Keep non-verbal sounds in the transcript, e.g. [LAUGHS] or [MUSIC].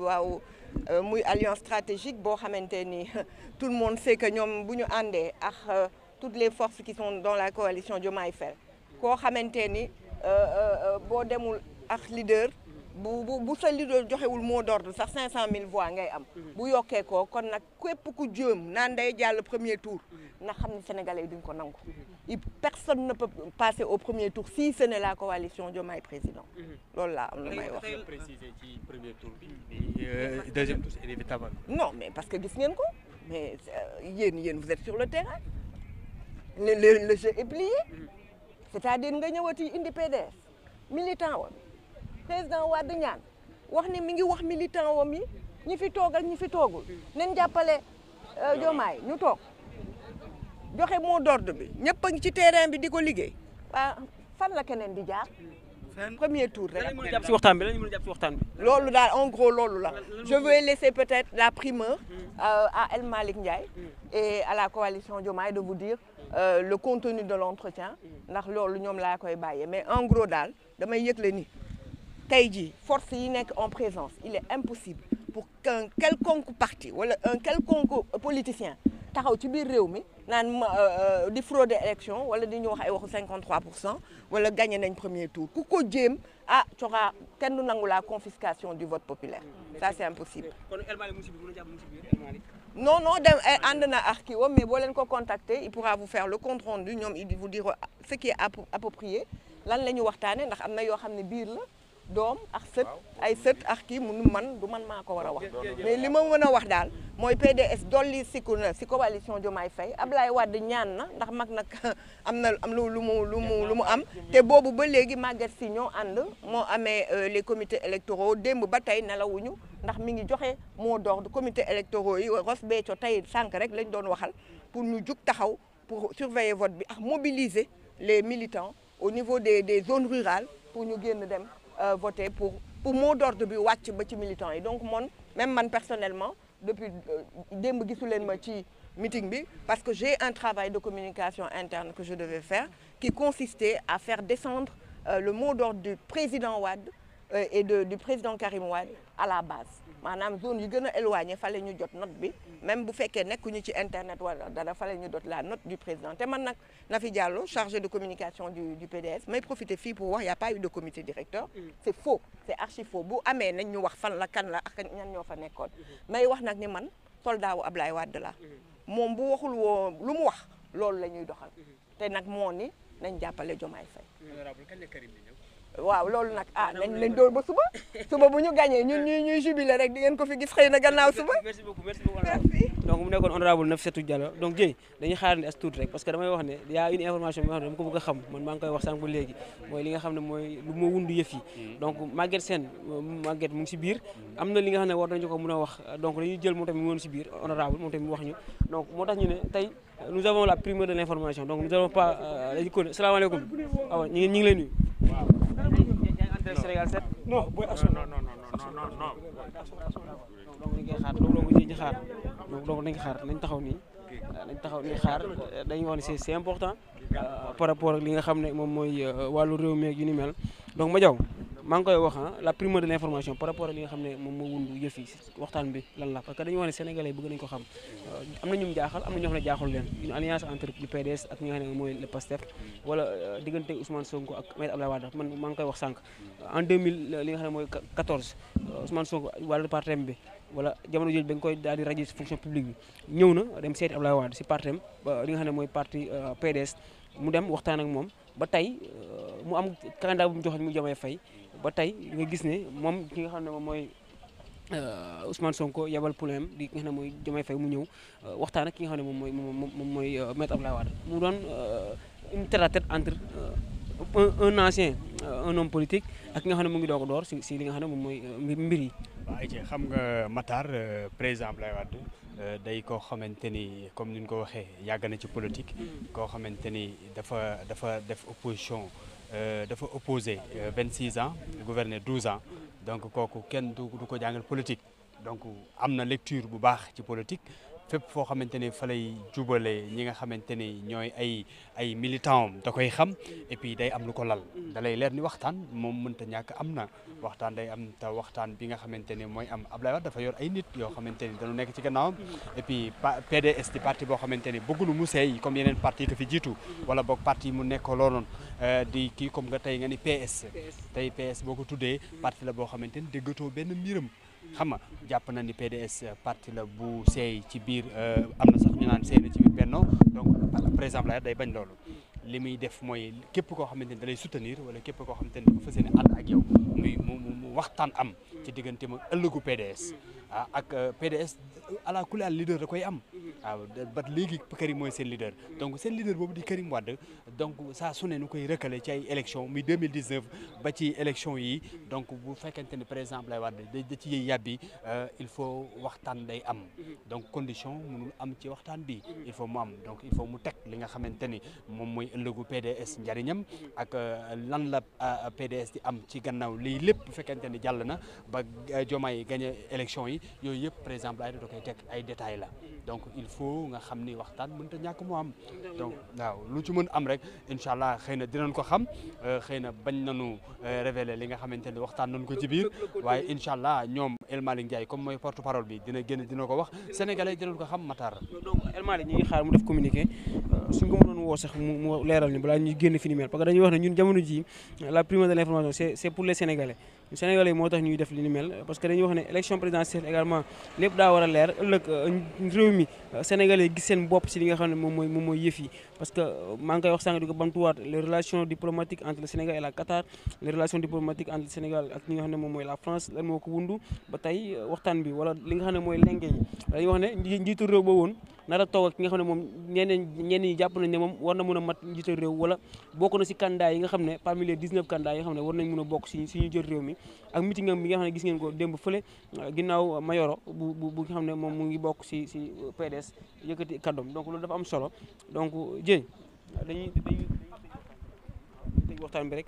waaw euh, muy alliance stratégique boo xamante ni [LAUGHS] tout le monde sait que ñoom bu ñu àndee ak euh, toutes les forces qui sont dans la coalition Diomaye Faye koo xamante ni euh, boo demul ak leader bu bu bu sa leader joxewul moo d'ordre sax cinq cent mille voix ngay am bu yokkee ko kon nag képp ku jéem naan jàll premier tour na xam ne sénégalais duñ ko nangu et personne ne peut passer au premier tour si ce n'est la coalition Diomaye président. Mhm. lool la am lu may wax. ci premier tour bi. Euh, deuxième tour non mais parce que gis ngeen ko mais euh, yéen yéen vous êtes sur le terrain le le, le jeu est plié. Mhm. c'est-à-dire nga ñëwati indi PDS militant wam président Wade ñaan wax ne mi ngi wax militant wam yi ñi fi toog ak ñi fi toogul mhm. nañ jàppale euh, Diomaye ñu toog. joxe mot d'ordre bi ñëpp a ngi ci terrain bi di ko liggéey waa fan la keneen di jaar premier tour rek si waxtaan bi lañu mën a jàpp si loolu daal en gros loolu la je vais laisser peut-être la primeur mm. euh, à El Malick Ndiaye mm. à la coalition Diomaye de vous dire euh, le contenu de l'entretien ndax loolu ñoom laa koy bàyyee mais en gros daal damay yëgle ni tey jii force yi nekk en présence il est impossible pour qu'un quelconque parti wala un quelconque politicien taxaw ci biir réew mi naan euh, euh, di frauder élection wala di ñu wax ay waxu 53 pour cent wala gagné nañ premier tour ku ko jéem ah coxaa kenn du nangu la confiscation du vote populaire ça c'est impossible non non dem eh, ànd na ak ki kii mais boo leen ko contacter il pourra vous faire le compte rendu ñoom il vous dire ce qui est approprié lan la ñu waxtaane ndax am na yoo xam ne biir la doom ak sët ay sët ak kii munu man du man maa ko war a wax mais li ma mën a wax daal mooy PDS dolli siku na si coalition Diomaye Faye Ablaye Wade ñaan na ndax mag nag [LAUGHS] am na am lu mu lu mu lu mu am te boobu ba léegi Maguette si ñoo ànd moo amee euh, les comité électoraux démb ba tey nelawuñu ndax mi ngi joxe moo dox comité électoraux yi Ross Béthio tey sànq rek lañ doon waxal pour ñu jug taxaw pour surveiller vote bi ak mobiliser les militants au niveau des des zones rurales pour ñu génn dem euh, voter pour pour mot d'ordre bi wàcc ba ci militants yi donc moon même man personnellement depuis euh, démb gisu leen ma ci meeting bi parce que j'ai un travail de communication interne que je devais faire qui consistait à faire descendre euh, le mot d'ordre du président Wade euh, et de, du président Karim Wade à la base maanaam zone yi gën a éloigné fale ñu jot note bi même bu fekkee nekkuñu ci internet wala dala fale ñu jot la not du président te man nag fi Diallo chargé de communication du du PDS may profité fii pour wax y a pas eu de comité directeur mm. c'est faux c'est archi faux bu amee nañ ñu wax fan la kan la ak ñan ñoo fa nekkoon mm-hmm. may wax nag ni man soldat wu Ablaye Wade la mm-hmm. moom bu waxul woo lu mu wax loolu la ñuy doxal mm-hmm. te nag moo ni nañ jàppale Diomaye Faye waaw loolu nag ah, nañ lañ ba suba suba bu ñu gagné ñun ñuy ñuy rek di ngeen ko fi gis xëy na gannaaw suba. merci beaucoup merci beaucoup donc mu nekkoon honorable Nafissatou Diallo donc Dieye dañuy xaarandi as tuut rek parce que damay wax ne y a une information bi a xam man maa ngi koy wax sànq hmm. euh, mu ngi biir hmm. am na li nga xam ne war nañu ko a wax donc dañuy jël moom tamit mu woon si biir honorable moom tamit mu wax ñu donc moo tax ñu ne tey nous avons la primeur de l'information donc nous allons pas dañu euh, ko salaamaaleykum waaw ah ñu ngi ñu ngi lay directeur Sénégal 7. non booy euh, assuré non non non non non. donc ñu koy xaar loolu la ñu xaar donc nañ xaar nañ taxaw nii euh, nañ taxaw nii xaar euh, dañu wax ne c'est important par rapport ak li nga xam ne moom mooy wàllu réew mi ak yu ni mel donc ma jaw maa ngi koy wax ah, la primeur de l' information par rapport ak li nga xam ne moom moo wundu yëf yi waxtaan bi lan la parce que dañuy wax ne sénégalais yi bëgg nañu ko xam euh, am na ñum jaaxal am na ñoo xam ne jaaxul leen une nga xam ne mooy euh, sànq euh, en 2000 li nga xam ne mooy 14 Ousmane Sonko wàllu partem bi wala nga koy daal di rajo si fonction publique bi na dem ne mooy parti PDS mu dem waxtaan ak moom ba tey mu am candidat bu mu joxoon mu jëmee fay ba tey nga gis ne moom ki nga xam ne moom mooy euh, Ousmane Sonko yebal problème di nga xam ne mooy Diomaye Faye mu ñëw euh, waxtaan ak ki nga xam ne moom mooy moom mooy euh, maître Abdoulaye Wade mu doon une tête à tête entre un ancien un homme politique ak nga xam ne mu ngi doog door si si li nga xam ne moom mooy mbir yi. waaw xam nga Matar président Abdoulaye Wade day koo xamante ni comme ni ñu ko waxee yàgg na ci politique. Mm. koo xamante ni dafa dafa def opposition. Euh, dafa opposé 26 euh, ans gouverné 12 ans donc kooku kenn du ko jàngal politique donc am na lecture bu baax ci politique fépp foo xamante ne fa lay jubale ñi nga xamante ne ñooy ay ay militant da koy xam et puis day am nu ko lal mm. da lay leer ni waxtaan moom mënta ñàkk am na waxtaan day am te waxtaan bi nga xamante ne mooy am Ablaye Wade dafa yor ay nit yoo xamante ne dañu nekk ci gannaawam mm. et puis PDS di parti boo xamante ne bëggulu mu seey comme yeneen parti ko fi jiitu mm. wala boog parti mu nekkoo looloon euh, di kii comme nga tey nga ni PS tey PS boo ko tuddee parti la boo xamante ne déggatoo benn mbiram xam nga jàpp na ni PDS euh, parti la bu seey ci biir euh, am na sax ñu naan seey na ci biir Benno donc par exemple la day bañ loolu li muy def mooy képp koo xamante ni da lay soutenir wala képp koo xamante ni dafa fas yéene ànd ak yow muy mu mu waxtaan am ci diggante ma ëllëgu PDS ah ak PDS à la couleur leader da koy am. waaw ah, ba léegi Karim mooy seen leader. donc seen leader boobu di Karim Wade donc saa su ne nu koy rëkkale ci ay élections muy 2019 ba ci élection yi donc bu fekkente ne par exemple lay Wade da ci yëy yàbbi euh, il faut waxtaan day am donc condition mënul am ci waxtaan bi il faut mu am donc il faut mu teg li nga xamante ni moom mooy ëllëgu PDS njariñam ak euh, lan la euh, PDS di am ci gannaaw lii lépp bu fekkente ni jàll na ba Diomaye gagné élection yi. yooyu yëpp par exemple ay da koy teg ay détails la donc il faut nga xam ni waxtaan mënut a ñàkk moo am donc waaw lu ci mën am rek incha allah xëy na dinañ ko xam euh, xëy na bañ nañu euh, révéler li nga xamante ni waxtaan nañ ko ci biir waaye incha ñoom El Malick Ndiaye comme mooy porte parole bi dina génn dina ko wax sénégalais dinañ ko xam Matar. donc El Malick ñi ngi xaar mu def communiqué euh, suñ ko mënoon woo sax mu mu leeral ni balaa ñuy génn fi ni mel parce que dañuy wax ne ñun jamono ji la primeur de l' information c' est c' est pour les sénégalais sénégalais yi moo tax ñuy def li ni mel parce que dañuy wax ne élection présidentielle également lépp daa war a leer ëllëg euh, réew mi euh, sénégalais gis seen bopp si li nga xam ne moom mooy moom mooy yëf yi parce que maa ngi koy wax sànq di ko bantuwaat les relations diplomatiques entre le Sénégal et la Qatar les relations diplomatiques entre le Sénégal ak ñi nga xam ne moom mooy la France lan moo ko wundu tey waxtaan bi wala li nga xam ne mooy lenge yi dañuy wax ne njiitu réew ba woon nar a toog ak xam ne moom ñeneen ñeneen ñi jàpp nañ ne moom war na mun a mat njiitu réew wala bokk na si candidat yi nga xam ne parmi les 19 candidats yi nga xam ne war nañ mën a bokk si suñu jël réew mi ak meeting am bi nga xam ne gis ngeen ko démb fële ah, ginnaaw Mayoro bu bu nga xam ne moom mu ngi bokk si si PDS yëkkati kàddoom donc loolu dafa am solo donc Dieng dañuy waxtaan bi rek